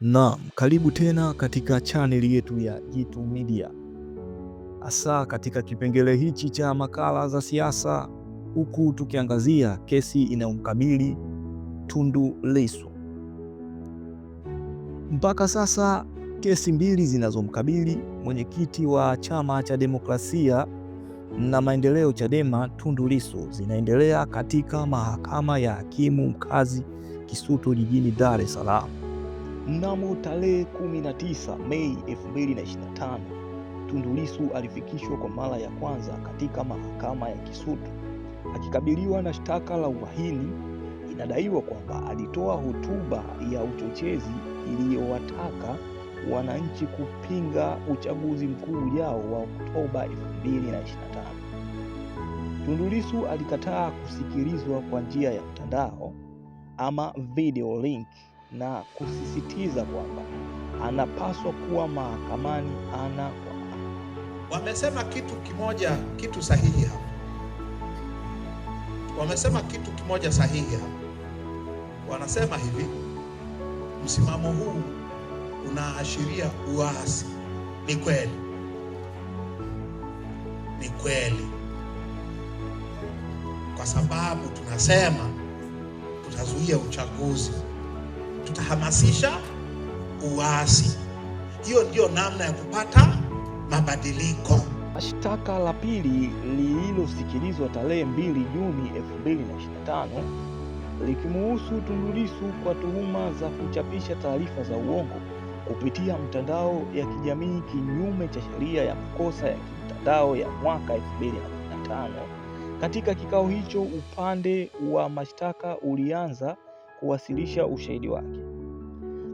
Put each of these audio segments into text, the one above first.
Naam, karibu tena katika chaneli yetu ya Jitu Media, hasa katika kipengele hichi cha makala za siasa, huku tukiangazia kesi inayomkabili Tundu Lissu. Mpaka sasa kesi mbili zinazomkabili mwenyekiti wa Chama cha Demokrasia na Maendeleo Chadema, Tundu Lissu zinaendelea katika mahakama ya hakimu mkazi Kisutu jijini Dar es Salaam. Mnamo tarehe 19 Mei 2025, Tundu Lissu alifikishwa kwa mara ya kwanza katika mahakama ya Kisutu akikabiliwa na shtaka la uhaini. Inadaiwa kwamba alitoa hotuba ya uchochezi iliyowataka wananchi kupinga uchaguzi mkuu ujao wa Oktoba 2025. Tundu Lissu alikataa kusikilizwa kwa njia ya mtandao ama video link na kusisitiza kwamba anapaswa kuwa mahakamani ana kwa ana. Wamesema kitu kimoja, kitu sahihi hapa. Wamesema kitu kimoja sahihi hapa. Wanasema hivi, msimamo huu unaashiria uasi. Ni kweli, ni kweli, kwa sababu tunasema tutazuia uchaguzi tutahamasisha uasi. Hiyo ndiyo namna ya kupata mabadiliko. Shtaka la pili lililosikilizwa tarehe 2 Juni 2025 likimuhusu Tundu Lissu kwa tuhuma za kuchapisha taarifa za uongo kupitia mtandao ya kijamii kinyume cha sheria ya makosa ya kimtandao ya mwaka 2015. Katika kikao hicho, upande wa mashtaka ulianza kuwasilisha ushahidi wake.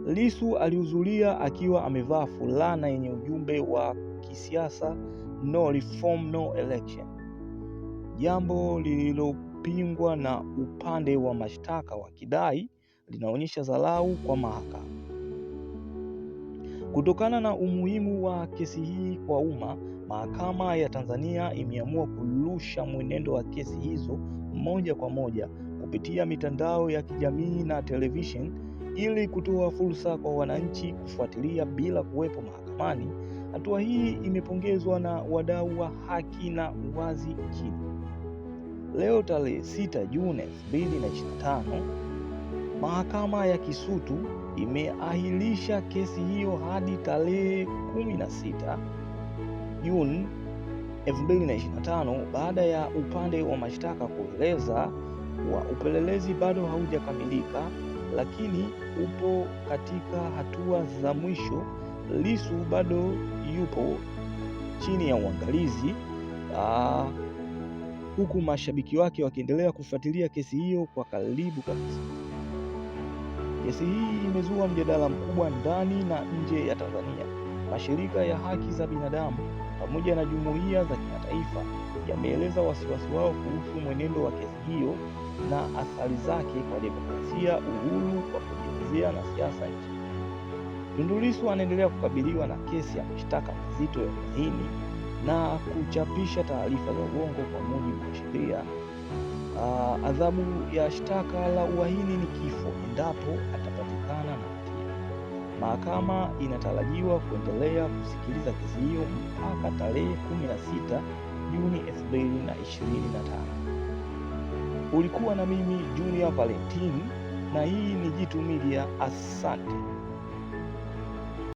lisu alihudhuria akiwa amevaa fulana yenye ujumbe wa kisiasa no reform no election, jambo lililopingwa na upande wa mashtaka wakidai linaonyesha dharau kwa mahakama. Kutokana na umuhimu wa kesi hii kwa umma, mahakama ya Tanzania imeamua kurusha mwenendo wa kesi hizo moja kwa moja kupitia mitandao ya kijamii na television ili kutoa fursa kwa wananchi kufuatilia bila kuwepo mahakamani. Hatua hii imepongezwa na wadau wa haki na uwazi nchini. Leo tarehe 6 Juni 2025, mahakama ya Kisutu imeahirisha kesi hiyo hadi tarehe 16 Juni 2025 baada ya upande wa mashtaka kueleza wa upelelezi bado haujakamilika, lakini upo katika hatua za mwisho. lisu bado yupo chini ya uangalizi aa, huku mashabiki wake wakiendelea kufuatilia kesi hiyo kwa karibu kabisa. Kesi hii imezua mjadala mkubwa ndani na nje ya Tanzania. Mashirika ya haki za binadamu pamoja na jumuiya za kimataifa yameeleza wasiwasi wao kuhusu mwenendo wa kesi hiyo na athari zake kwa demokrasia, uhuru wa kujielezea na siasa nchini. Tundu Lissu anaendelea kukabiliwa na kesi ya mashtaka mazito ya uhaini na kuchapisha taarifa za uongo kwa mujibu wa sheria. Uh, adhabu ya shtaka la uhaini ni kifo endapo ata Mahakama inatarajiwa kuendelea kusikiliza kesi hiyo mpaka tarehe 16 Juni 2025. Ulikuwa na mimi Junior Valentine na hii ni Jitu Media. Asante.